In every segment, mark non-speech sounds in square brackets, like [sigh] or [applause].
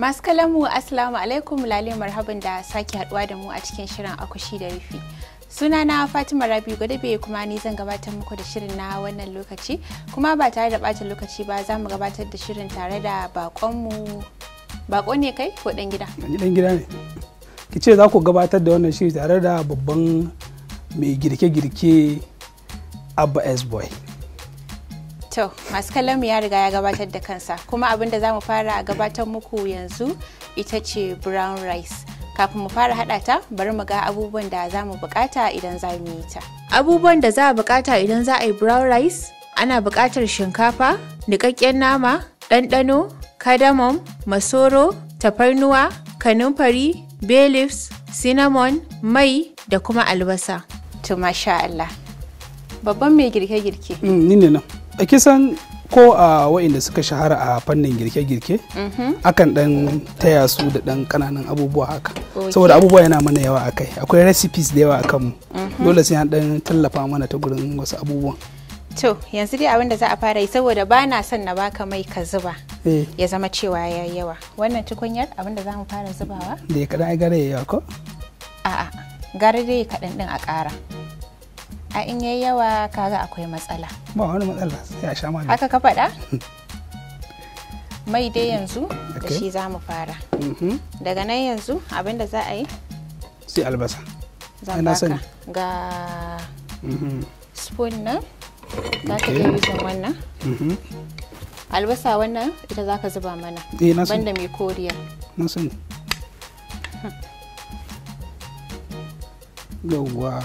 Masu kalamu Assalamu alaikum lalai marhaban da sake haduwa da mu a cikin shirin akushi da rufi. Sunana Fatima Rabi Gwadabe kuma ni zan gabatar muku da shirin na wannan lokaci kuma ba tare da bata lokaci ba za mu gabatar da shirin tare da bakonmu bako ne kai ko dan gida? Dan gida ne. Ki ce za ku gabatar da wannan shiri tare da babban mai girke-girke Abba S-Boy. To, masu kallon ya riga ya gabatar da kansa, kuma abin da za fara a gabatar muku yanzu ita ce brown rice. Kafin mu fara haɗa ta, bari mu ga abubuwan da za mu bukata idan za mu yi ta. Abubuwan da za a bukata idan za a yi brown rice, ana bukatar shinkafa, niƙaƙƙen nama, ɗanɗano, kadamon, masoro, tafarnuwa, kanumfari, bay leaves, cinnamon, mai da kuma albasa. To, masha Allah. Babban mai girke-girke. Mm, ni ne nan. a kisan ko a wa'inda suka shahara a fannin girke-girke mhm. akan dan taya su da dan kananan abubuwa haka saboda abubuwa yana mana yawa akai akwai recipes da yawa akan mu mhm. dole sai an dan tallafa mana ta gurin wasu abubuwan to yanzu dai abin da za a fara yi saboda ba na son na baka mai ka zuba eh. ya zama cewa ya yawa wannan tukunyar abin da za mu fara zubawa da ya kaɗan ai gare ya ko a'a gare dai kaɗan din a ƙara a in yayi yawa kaga akwai matsala ba wani matsala sai a sha magani haka ka faɗa [laughs] mai dai yanzu da shi za mu fara mhm. daga nan yanzu abinda za a yi sai albasa ina sani ga mhm. spoon nan za ka iya yuzin wannan mhm. albasa wannan ita za ka zuba mana eh, banda mai koriya na sani hmm. yawwa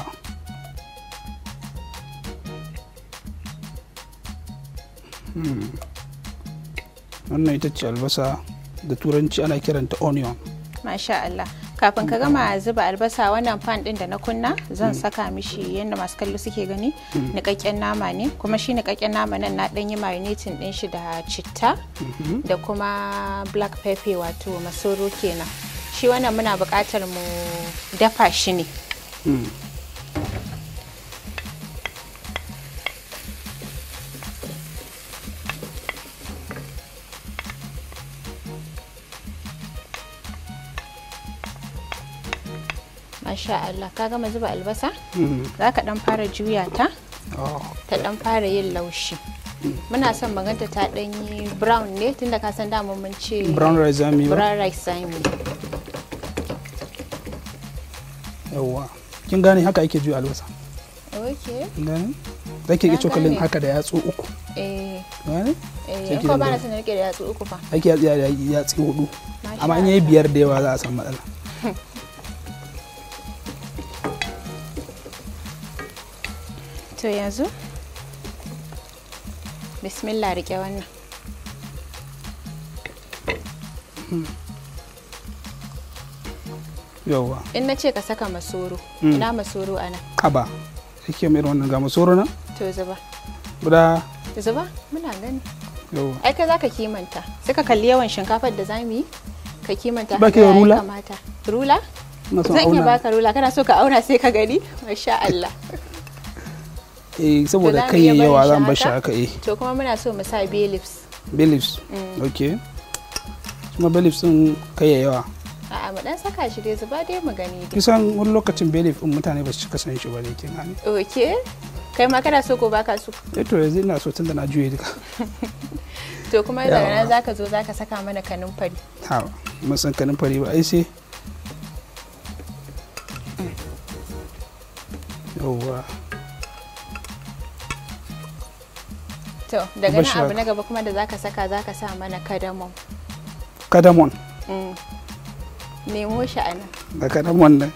Hmm. wannan ita ce albasa da turanci ana kiranta onion masha Allah kafin ka gama zuba albasa wannan fan din da na kunna zan hmm. saka mishi yadda masu kallo suke gani hmm. nikakken nama ne kuma shi nikakken nama nan na dan yi marinating din shi da citta da kuma black pepper wato masoro kenan shi wannan muna buƙatar mu dafa shi ne insha Allah ka gama zuba albasa mm-hmm. za ka dan fara juya ta oh. ta dan fara yin laushi muna son maganta ta dan yi brown ne tunda ka san dama mun ce brown rice zami brown rice zami yawa kin gane haka ake juya albasa okay gane zaki ga cokalin haka da yatsu uku eh gane eh ko ba na sanar ke da yatsu uku fa ake yatsu hudu amma in yayi biyar da yawa za a san matsala [laughs] to yanzu bismillah rike wannan hmm. yauwa in na ce ka saka masoro hmm. ina masoro a nan aba ke mai wannan ga masoro na to zuba guda zuba muna gani yauwa ai kai zaka kimanta ka kalli yawan shinkafar da zamu yi ka kimanta ba ke rula rula zan iya baka rula kana so ka auna sai ka gani masha Allah [laughs] eh saboda kai yi yawa zan bar shi haka eh to kuma muna so mu sa beliefs beliefs mm. okay kuma beliefs sun kai yayi yawa a'a mu dan saka shi dai zuba dai mu gani kisan wani lokacin belief din mutane ba su cika san shi ba ne kin gane okay kai ma kana so ko baka so eh to yanzu ina so tunda na juye duka [laughs] to kuma daga za zaka zo zaka saka mana kanin fari ha mun san kanin fari ba ai sai mm. yawwa to daga nan abu na gaba kuma da zaka saka zaka sa mana kadamon kadamon mm. nemo shi anan da kadamon ne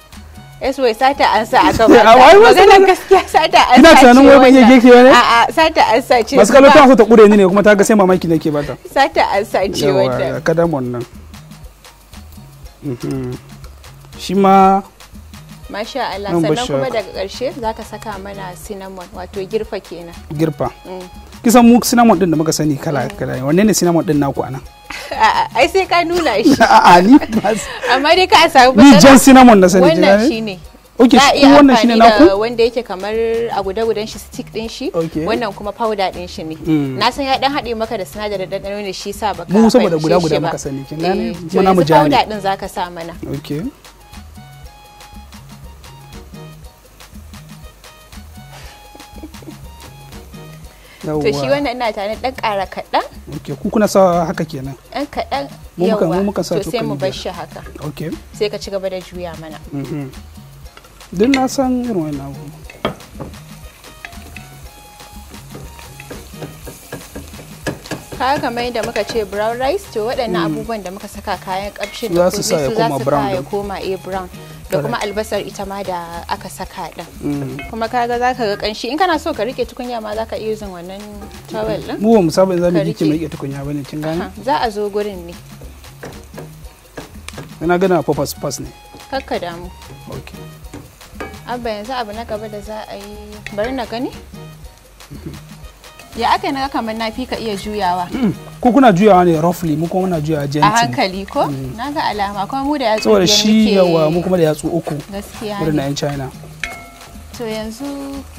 es eh, wai sata an sa aka ba [laughs] maganar gaskiya sata an sa ina tunanin wai ban iya girki ba ne a'a sata an sa ce masu kallon tana so ta kure ni ne kuma ta ga sai mamaki nake bata [laughs] sata an sa ce wanda kadamon nan mhm. shi ma Masha Allah sannan kuma daga ƙarshe za ka saka mana cinnamon wato girfa kenan. Girfa. Mm. kisan mu cinnamon din da muka sani kala kala wanne ne cinnamon din naku anan [laughs] ai sai ka nuna shi [laughs] a'a ni amma dai ka samu ni jan cinnamon na sani wannan shine ok shi wannan shine naku wanda yake kamar a guda gudan shi stick din shi wannan kuma powder din shi ne mm. na san ya dan hade maka da sinadarin dandano ne shi sa baka mu saboda guda guda muka sani kin gane eh, mu na mu jani powder din zaka sa mana okay to shi wannan ina tare dan kara kaɗan ok ku kuna sa haka kenan Dan kaɗan yawa to sai mu bar shi haka ok sai ka ci gaba da juya mana mhm. din na san irin wannan abu kamar yadda muka ce brown rice to waɗannan mm. abubuwan da muka saka kayan ƙamshin da su za su koma brown da kuma albasar ita ma da aka saka din mm. kuma kaga ka ga kanshi in kana so ka rike tukunya ma za ka iya yin wannan towel din mu mu saba mu rike mu rike tukunya bane kin gane za a zo gurin ne ina gana purpose pass ne kakka mu. okay abba yanzu abu na gaba da za a yi bari na gani ya aka naga kamar na fi ka iya juyawa hmm, ko kuna juyawa ne roughly mu kuma muna juyawa gently a hankali ko hmm. na ga alama kuma mu da yatsu saboda shi yawa mu kuma da yatsu uku gaskiya wurin na yan china to yanzu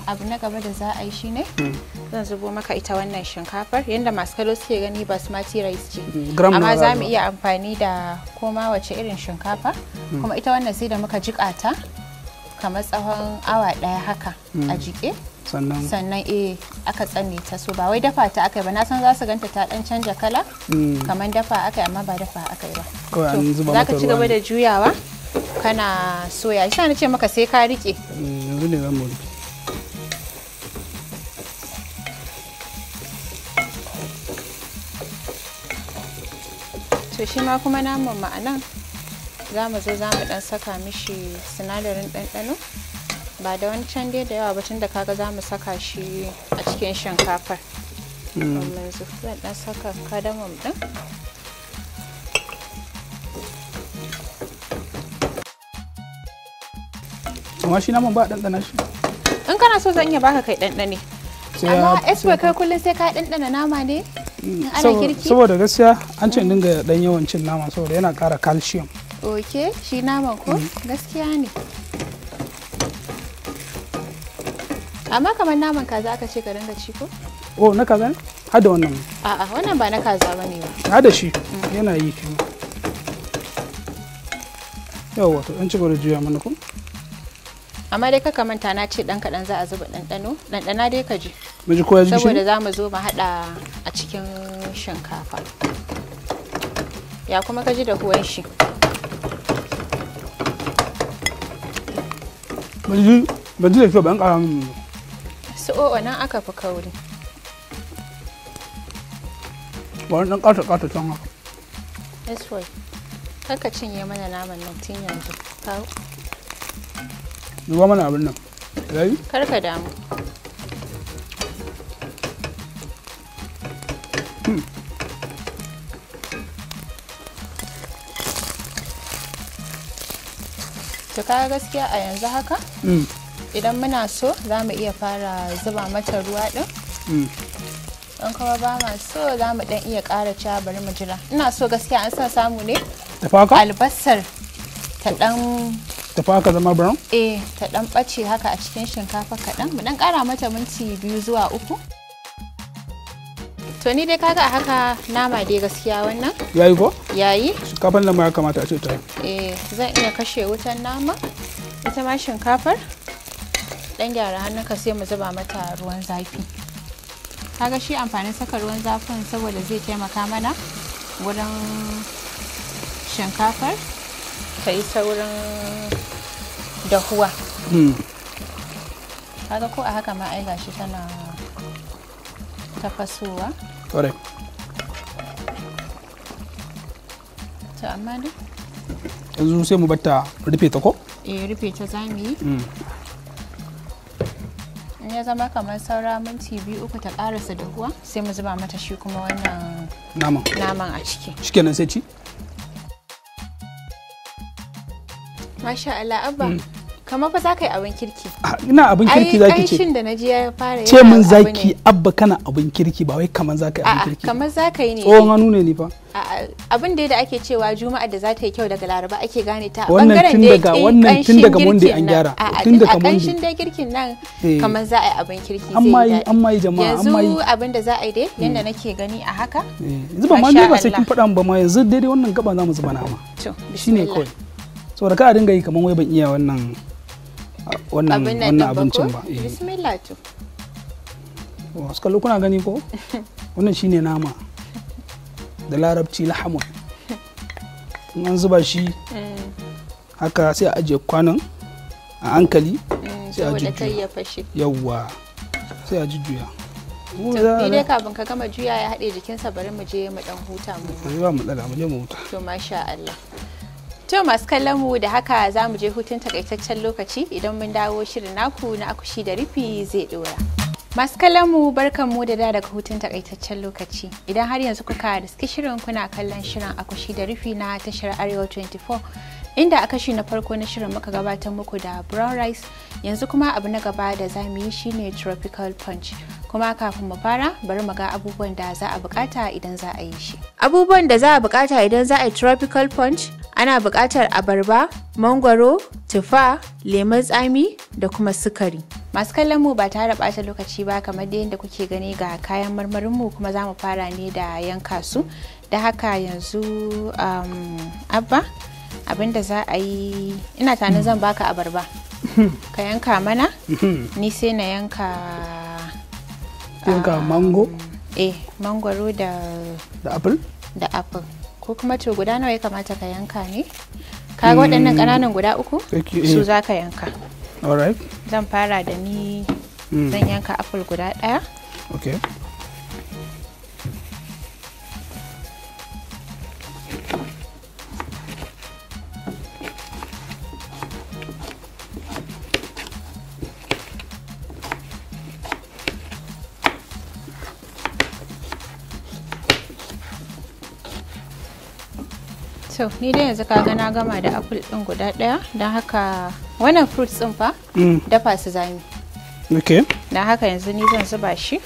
abu na gaba da za a yi shine hmm. zan zubo maka ita wannan shinkafar yadda masu kallo suke gani basmati rice ce amma za mu iya amfani da koma wace irin shinkafa kuma ita wannan sai da muka jika ta kamar tsawon awa daya haka a jike sannan sannan eh aka tsane ta so ba wai dafa ta akai ba na san za su ganta ta dan canja kala mm. kamar dafa akai amma ba dafa akai ba za ka zuba ci gaba da juyawa kana soya shi na ce maka sai ka rike mm, yanzu ne rike to shi ma kuma namun ma'anan za mu zo za mu dan saka mishi sinadarin ɗanɗano ba da wani dai da yawa ba tunda kaga za mu saka shi a cikin shinkafar hmm. yanzu zan dan saka kadamam din amma shi naman ba ɗanɗana shi in kana so zan iya baka kai ɗanɗane amma espo kai kullum sai ka ɗanɗana nama ne hmm. saboda gaskiya an ce hmm. dinga ɗan yawancin nama saboda yana ƙara calcium ok shi naman ko gaskiya ne amma kamar naman kaza aka ce ka dinga ci ko oh na kaza har da wannan a'a wannan ba na kaza bane ba har da shi mm. yana yi kin yawa to an ci gore juya mana kuma amma dai kaka ta na ce dan kaɗan za a zuba ɗanɗano ɗanɗana dai ka ji saboda za mu zo mu haɗa a cikin shinkafa ya kuma ka ji da huwan shi ba ji da kyau ba an ƙara min su o'o oh, nan aka fi kauri wani ɗan ƙasa ƙata can haka this way kaka cinye mana naman nan tun yanzu kawo zuwa mana abin nan kar karka damu hmm. to kaga gaskiya a yanzu haka hmm. idan muna so za mu iya fara zuba mata ruwa din Don mm. kuma ba ma so za mu dan iya ƙara cewa bari mu jira ina so gaskiya an san samu ne albasar ta dan ta faka zama brown? eh ta dan ɓace haka a cikin shinkafa kaɗan mu dan ƙara mata minti biyu zuwa uku to ni dai kaga a haka nama dai gaskiya wannan yayi ko yayi shinkafar nan ma ya kamata a ce ta eh zan iya kashe wutan nama ita ma shinkafar dan gyara hannunka sai mu zuba mata ruwan zafi kaga shi amfanin saka ruwan zafin saboda zai taimaka mana wurin shinkafar ta yi saurin dahuwa hmm. kaga ko a haka ma ai gashi tana tafasowa to amma duk yanzu sai mu batta rufe ta ko eh rufe ta zamu yi hmm. in ya zama kamar saura minti biyu uku ta karasa dahuwa sai mu zuba mata shi kuma wannan naman naman a ciki nan sai ci masha Allah abba mm. kamar fa za ka yi abin kirki ah, ina abin kirki za ki ce shin da naji ya fara ce min za ki abba kana abin kirki ba wai kamar za ka yi abin kirki kamar za ka yi ne tsohon hannu ne ni fa abin da ake cewa juma'a da za ta yi kyau daga laraba ake gane ta bangaren da daga wannan tun daga monde an gyara tun daga monde kanshin da girkin nan eh. kamar za a yi abin kirki amma yi amma yi jama'a amma yi yanzu abin da za a yi dai hmm. yanda nake gani a haka yanzu eh. ba ma ne ba sai kin faɗa ba ma yanzu daidai wannan gaba za mu zuba nama shine kawai saboda ka a dinga yi kamar wai ban iya wannan wannan abincin ba eh. wasu kallo kuna gani ko [laughs] wannan shine nama da larabci lahamun in an zuba shi eh. haka sai a ajiye kwanan a hankali eh, sai a jujjuya yawwa sai a jujjuya ni dai kafin ka gama juya ya haɗe jikinsa bari mu je mu dan huta mu ba mu dala mu je mu huta to masha Allah To masu kallon mu da haka za mu je hutun takaitaccen lokaci idan mun dawo shirin naku na akushi da rufi zai dora. Masu kallon mu barkan mu da daga hutun takaitaccen lokaci idan har yanzu kuka da suke shirin kuna kallon shirin akushi da rufi na tashar Arewa 24 inda a kashi na farko na shirin muka gabatar muku da brown rice yanzu kuma abu na gaba da za mu yi shine tropical punch kuma kafin mu fara bari mu ga abubuwan da za a bukata idan za a yi shi abubuwan da za a bukata idan za a yi tropical punch ana buƙatar abarba mangwaro tufa lemun tsami da kuma sukari masu kallon mu ba tare ɓata lokaci ba kamar da yadda kuke gani ga kayan marmarin mu kuma za mu fara ne da yanka su da haka yanzu um, abba abinda za a yi ina tani zan baka abarba [laughs] ka yanka mana [laughs] ni sai na yanka yanka um, mango eh mangwaro da da apple da apple ko kuma to guda nawa ya kamata ka yanka ne ka ga waɗannan ƙananan guda uku su eh. za ka yanka zan fara da ni hmm. zan yanka apple guda ɗaya to ni dai yanzu ka na gama da apple din guda daya don haka wannan fruits din fa mm. dafa su zami okay don haka yanzu ni zan zuba shi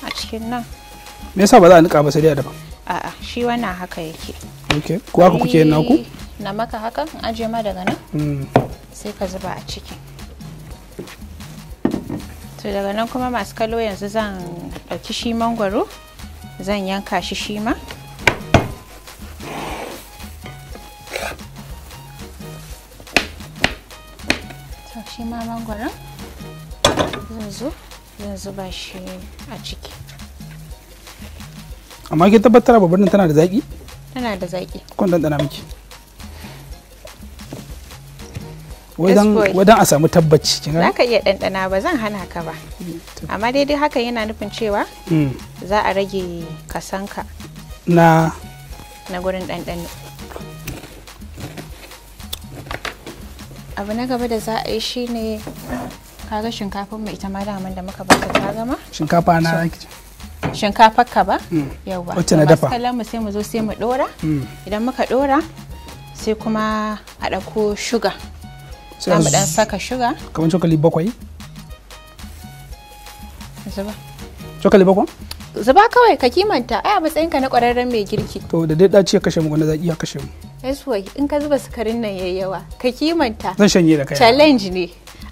a cikin nan me yasa ba za a nika ba sai dai a dafa a'a shi wannan haka yake okay ko haka kuke yin naku na maka haka in aje ma daga nan mm. sai ka zuba a ciki to daga nan kuma masu kalo yanzu zan dauki shi mangwaro zan yanka shi shi ma mangoron yanzu yanzu ba shi a ciki amma ki tabbatar babban nan tana da zaki tana da zaki kun dan dana miki wadan a samu tabbaci kin za ka iya ɗanɗana ba zan hana ka ba hmm. amma daidai haka yana nufin cewa hmm. za a rage kasanka na na gurin ɗanɗano abu na gaba da za a yi ne kaga shinkafin mu ita ma daman da muka baka ta gama shinkafa na ranki shinkafar ka ba mm. yauwa wacce na dafa kallon mu sai mu zo sai mu dora mm. idan muka dora sai kuma a dauko shuga sai mu dan saka shuga kamar chocolate bakwai zuba cokali bakwai zuba kawai ka kimanta ai a matsayinka na kwararren mai girki to da dai dace ya kashe mu wanda zaƙi ya kashe mu yaswai in ka zuba sukarin nan yayi yawa ka kimanta zan shanye da kai challenge ne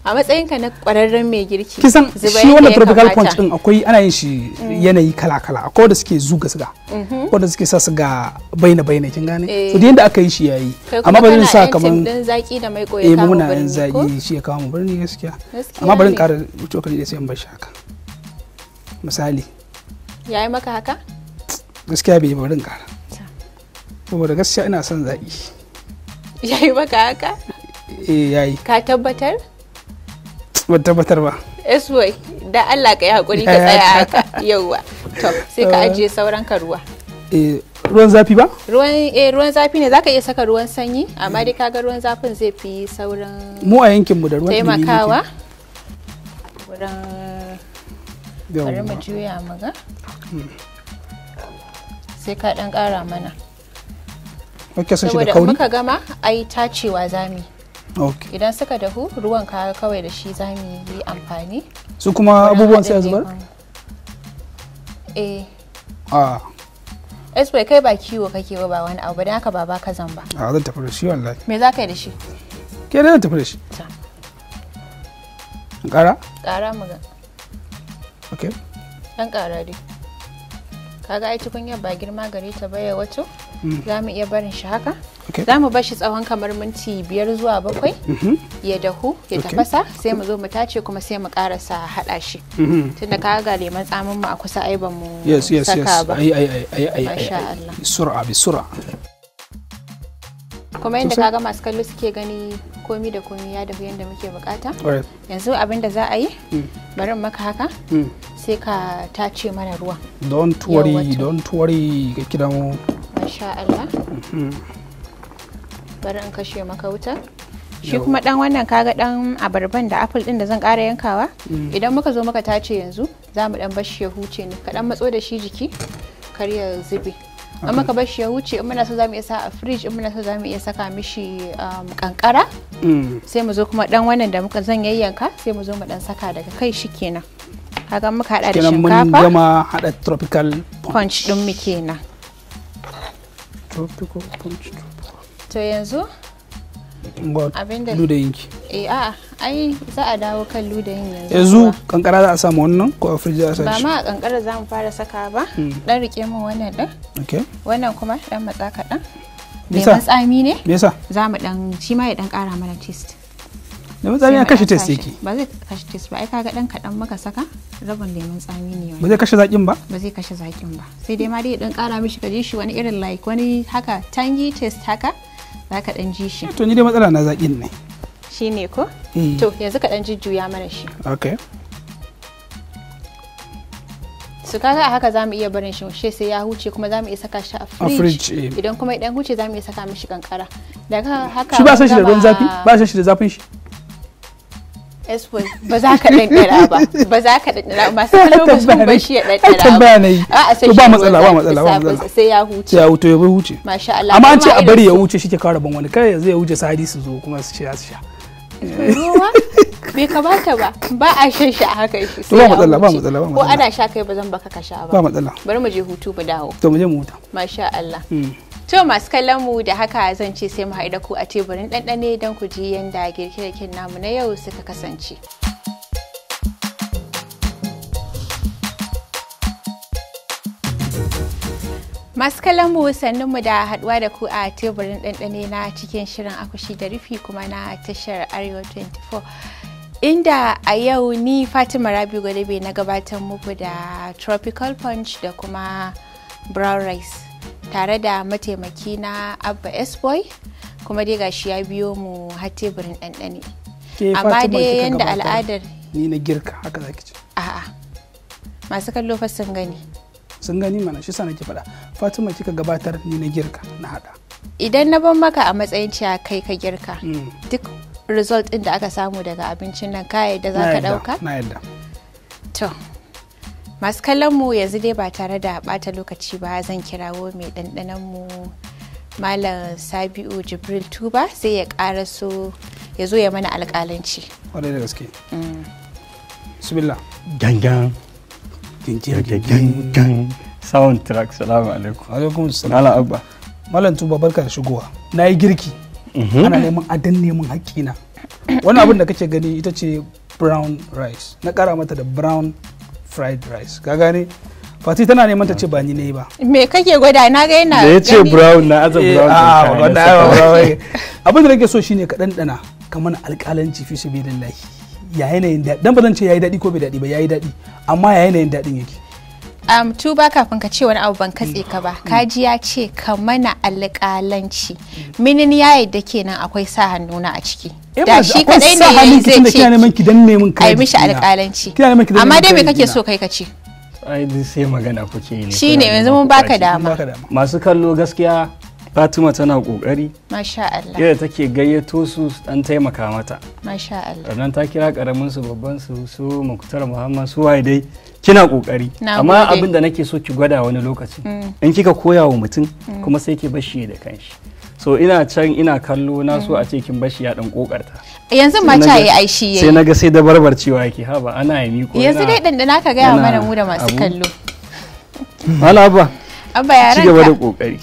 a matsayinka na kwararren mai girki kisan shi wannan tropical punch din akwai ana yin shi mm. yanayi kala kala akwai wanda suke zuga suga mm-hmm. akwai da suke sa su ga baina baina kin gane to eh. yanda aka yi shi yayi amma ba zan sa kaman dan zaki da mai koyi eh, kawo muna yin zaki shi ya kawo mu birni gaskiya amma bari in ƙara cokali da sai in bar shi haka misali ya yi maka haka gaskiya bai barin kara saboda gaskiya ina son zaɓi [laughs] ya yi maka haka eh ya yi ka tabbatar ba tabbatar ba esway da allah ka yi haƙuri ka tsaya [laughs] haka yauwa to sai ka eh. ajiye sauran ka ruwa eh, ruwan zafi ba? ruwan eh ruwan zafi ne zaka iya saka ruwan sanyi amma dai kaga ruwan zafin zai fi sauran. mu a yankin mu da ruwan taimakawa wurin bari mu juya mu ga hmm. sai ka dan kara mana ok sun shiga kauri muka gama ai tacewa zami idan suka dahu ruwan ka kawai da shi zami yi amfani su kuma abubuwan sai zubar eh ah eswe kai ba kiwo kake ba ba wani abu da haka ba ba ka zan ba a ah, zan tafi da shi wallahi me za ka yi da shi ke da zan tafi da shi kara kara mu ga ok dan kara kaga ai tukunyar ba girma gare ta ba ya wato mm. za mu iya barin shi haka za mu shi tsawon kamar minti biyar zuwa bakwai mm-hmm. ya dahu ya tafasa sai mu zo mu tace kuma sai mu karasa hada shi mm-hmm. tunda kaga ga leman tsamin mu a kusa ai ba yes saka ba ai ai ai ai ai sur'a bi sur'a kuma yadda kaga masu kallo suke gani komi da komi ya dahu yadda muke bukata yanzu abin da za a yi hmm. bari maka haka hmm. sai ka tace mana ruwa don tuwari don tuwari ga kidan masha Allah hmm. bari in kashe maka wuta shi kuma dan wannan kaga dan abarban da apple din da zan kara yankawa idan muka zo muka tace yanzu za mu dan bashi ya huce ne ka dan matso da shi jiki kar ya zube in muka bar shi ya wuce in muna so mu iya sa a fridge in muna so zamu iya saka mishi um, kankara mm. sai mu zo kuma dan wannan da muka zan yayyanka sai mu zo mu dan saka daga kai shi kenan kaga muka hada da shinkafa kenan mun gama hada tropical punch din mu kenan tropical punch to yanzu ludayinki eh a ai za a dawo kan yin yanzu yanzu kankara za a samu wannan ko a firji a sashi ba ma a kankara za mu fara saka ba hmm. dan rike mu wannan din wannan kuma dan matsa kaɗan lemun tsami ne me yasa za mu dan shi ma ya dan kara mana taste lemun tsami ya kashe taste yake ba zai kashe test. ba ai kaga dan kaɗan muka saka rabin lemun tsami ne ba zai kashe zakin ba ba zai kashe zakin ba sai dai ma dai dan kara mishi kaje shi wani irin like wani haka tangy taste haka za ka ɗan ji shi to ni dai matsala na zaƙin ne shi ne ko eh. to yanzu ka ɗan juya mana shi Ok. su kaga a haka zamu iya barin shi sai ya huce kuma zamu iya saka shi a fridge eh. idan kuma idan huce zamu iya saka mishi kankara daga haka shi ba shi da ruwan zafi ba san shi da zafin shi ba za ka ɗanɗana ba ba za ka ɗanɗana ba masu kalo ba su ba shi ya ɗanɗana ba a a sai ba matsala ba matsala ba matsala sai ya huce ya huto ya huce masha Allah amma an ce a bari ya huce shi ke kawo rabon wani kai yanzu ya huce sadi su zo kuma su sha su sha ruwa bai kamata ba ba a shan shi a haka shi sai ba matsala ba matsala ba ko ana sha kai ba zan baka ka sha ba ba matsala bari mu je hutu mu dawo to mu je mu huta masha Allah hmm. To masu kallon mu da haka zan ce sai mu haɗa ku a teburin ɗanɗane don ku ji yadda girke-girken namu na yau suka kasance. masu kallon mu sannin mu da haduwa da ku a teburin ɗanɗane na cikin shirin akushi da rufi kuma na tashar arewa 24 inda a yau ni fatima rabi gwadabe na gabatar muku da tropical punch da kuma brown rice tare da mataimaki na abba s-boy kuma dai gashi ya biyo mu har teburin ɗanɗane amma dai yadda al'adar ni na girka haka zaki ce a'a masu kallo fa gani sun gani mana shi sana ki faɗa fatima kika gabatar ni na girka na hada. idan na ban maka a matsayin cewa kai ka girka hmm. duk result ɗin da aka samu daga abincin nan ka da za ka ɗauka na yadda to masu kallon mu yanzu dai ba tare da bata lokaci ba zan kirawo mai ɗanɗanon mu malam sabiu jibril tuba sai ya ƙara so ya zo ya mana alƙalanci. da gaske. Mm. bismillah. Gangan. sound track salamu alaikum alaikum salam ala abba malam tuba barka da shigowa na yi girki mhm. ana neman adan neman haƙƙina wani abin da kake gani ita ce brown rice na ƙara mata da brown fried rice ka gane fati tana neman ta ce ba ni ne ba me kake gwada na ga yana da ya ce brown na aza eh, brown ah, abin da nake so shine ka ɗanɗana kamar alƙalanci fi sabilillahi ya yanayin daɗi dan ba zan ce yayi daɗi ko bai daɗi ba yayi daɗi amma ya yanayin daɗin yake um, tuba kafin ka ce wani abu ban katse mm. ka ba mm. kaji ya ce ka mana alƙalanci minin ya yadda kenan akwai sa hannuna a ciki eh, da shi kadai ne yayi zai ce kina ki ai mishi alƙalanci amma dai me kake so kai ka ce ai sai magana kuke ne shine yanzu mun baka dama masu kallo gaskiya Fatima tana kokari. Masha Allah. Yadda take gayyato su an taimaka mata. Masha Allah. Sannan ta kira karamin su babban su su Muktar Muhammad su waye dai kina kokari. Amma abin da nake so ki gwada wani lokaci. Mm. In kika koya wa mutum mm. kuma sai ki bashi da kanshi. so ina can ina kallo na so a ce kin bashi ya dan kokarta yanzu ma ta yi aishi yayi sai naga sai da barbarcewa yake ha ba ana yi miko yanzu dai dan ka gaya ga mana mu da masu kallo wala abba abba yaran ka ci gaba da kokari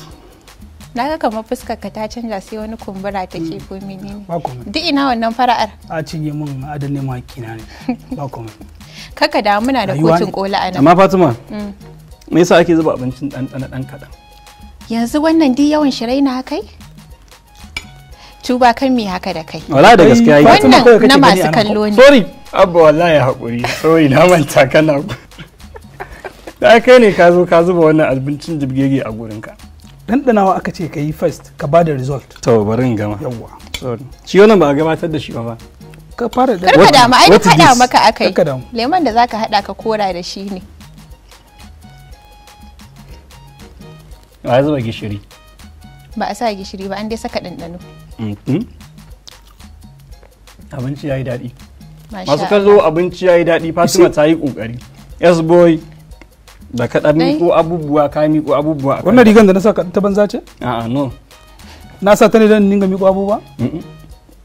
na ga kamar fuskar ka ta canza sai wani kumbura ta ko menene ne duk ina wannan fara'ar a cinye mun ne ma kina ne ba kuma. [laughs] kaka da muna da kotun kola a nan amma Fatima mm. me yasa ake zuba abincin dan dan dan kadan yanzu wannan duk yawan shirai na kai tuba kan mi haka da kai wala da gaskiya yi wannan na masu kallo ne sorry abba wallahi hakuri sorry na manta kana [laughs] da kai ne ka zo ka zuba wannan abincin jibgege a gurinka ɗanɗanawa aka ce ka yi first ka ba da result to bari gama yawwa shi wannan ba a gabatar da shi ba ba ka fara da karka damu ai haɗa maka akai lemon da zaka hada ka kora da shi ne ba zuba gishiri ba a sa gishiri ba an dai saka ɗanɗano mm-hmm. abinci ya yi daɗi masu kallo abinci ya yi daɗi fatima ta yi ƙoƙari yes boy da ka dan miko abubuwa ka miko abubuwa wannan rigan da na saka ta banza ce a'a no na sa ta ne dan ninga miko abubuwa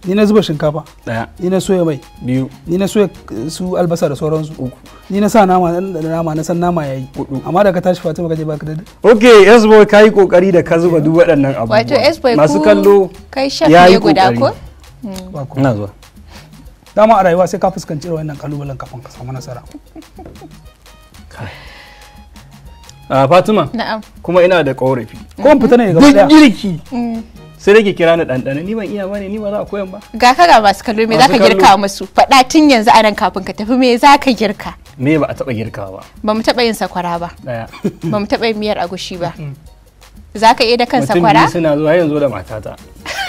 ni na zuba shinkafa daya ni na soya mai biyu ni na soya su albasa da sauransu uku ni na sa nama da nama na san nama yayi hudu amma da ka tashi Fatima kaje baka da okay yes boy kai kokari da ka zuba duk waɗannan abubuwa wato yes boy masu kallo kai chef ya guda ko hmm. hmm. na zuwa dama a rayuwa sai ka fuskanci irin wannan kalubalen kafin ka samu nasara a fatima na'am kuma ina da korafi ko fita ne gaba daya girki mm. sai rage kira ni ɗanɗana ni ban iya bane ni ba za a koyan ba ga ka ga masu kallo me zaka girka musu faɗa tun yanzu anan kafin ka tafi me zaka girka me ba a taɓa girka ba ba mu taɓa yin sakwara ba ba mu taɓa yin miyar agushi ba mm. za ka iya dakan sakwara? Mutum suna zuwa yanzu da matata.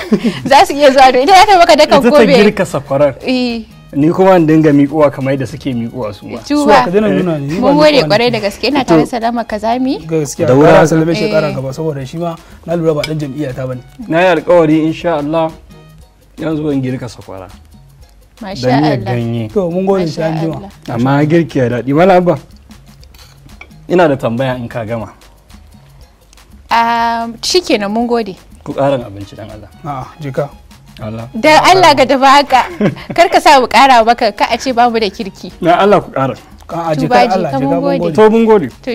[laughs] Za su iya zuwa da ita ya kai maka dakan gobe. Ita ta girka sakwarar. Eh. ni kuma in dinga miƙuwa kamar da suke miƙuwa su ma. Cuba, mun gode kwarai da gaske ina tare salama kazami. Gaskiya, da wurin salame shi ƙara eh. gaba saboda shi ma na lura ba ɗan jam'iyya ta bane. Na yi alƙawari insha Allah yanzu ban girka sakwara. Masha Allah. Da ganye. To mun gode shi an jima. Amma girki ya daɗi mana ba. Ina da tambaya in ka gama. Um, shi kenan mun gode. Ku ƙarin abinci dan Allah. A'a, jika. da Allah ga dafa haka kar ka sa mu kara maka ka a ce babu da kirki na Allah ku kara ka aje ka Allah ka mun gode to mun gode to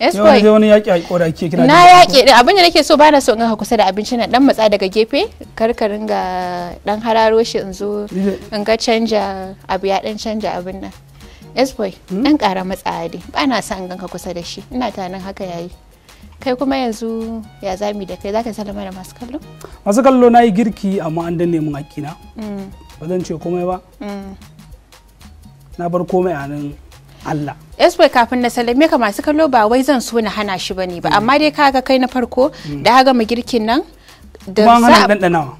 Yes boy. Yau wani yaƙi a kora ke kira. Na yaki din abin da nake so bana so in ga kusa da abinci na dan matsa daga gefe kar ka ringa dan hararo shi in zo in ga canja abu ya dan canja abin nan. Yes boy dan hmm? kara matsa dai bana san in ganka kusa da shi ina nan haka yayi. kai kuma yanzu ya zami da kai zaka salama da masu kallo masu kallo na yi girki amma an danne mun hakina mm. ba zan ce komai ba mm. na bar komai a nan Allah Espo kafin na salame ka masu kallo ba wai zan so na hana shi bane ba mm. amma dai ka ga kai na farko da haga mu girkin nan da za hana dandanawa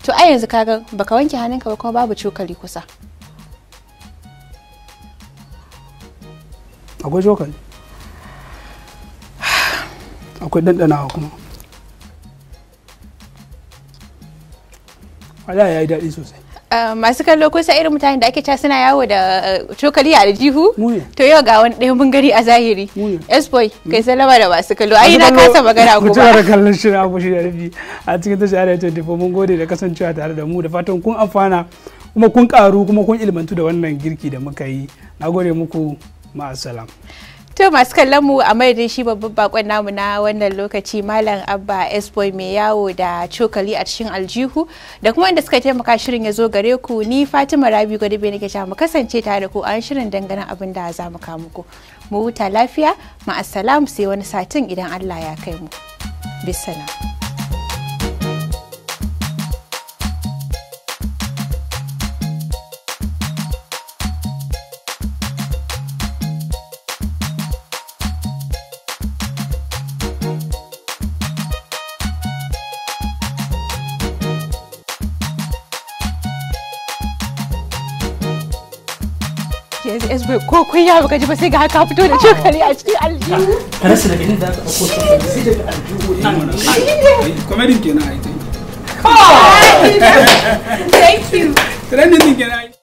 to a yanzu kaga baka wanke hannunka ba kuma babu cokali kusa akwai cokali akwai ɗanɗanawa kuma wala ya yi daɗi sosai eh, masu kallo kun sa irin mutane da ake ca suna yawo da eh, cokali a aljihu to yau ga wani ɗaya bangare a zahiri esboy hmm. kai salama da masu kallo ayi na kasa magana kuma da kallon shirin abu da a cikin tashi a ita da mun gode da kasancewa tare da mu da fatan kun amfana kuma kun karu kuma kun ilmantu da wannan girki da muka yi na gode muku ma'asalam To masu kallon mu a madadin shi babban bakon namu na wannan lokaci Malam Abba Esboy mai yawo da cokali a cikin aljihu da kuma wanda suka taimaka shirin ya zo gare ku ni Fatima Rabi Gwadabe nake cewa mu kasance tare da ku an shirin dangane abin da za mu kawo muku. Mu huta lafiya, ma'asalamu sai wani satin idan Allah ya kai mu. Bisalam. sb ko kun ya baka ji ba sai ga ka fito da cokali a cikin aljihu kada su da inda aka ɗauko cokali sai aljihu kenan ai [laughs] thank you trending kenan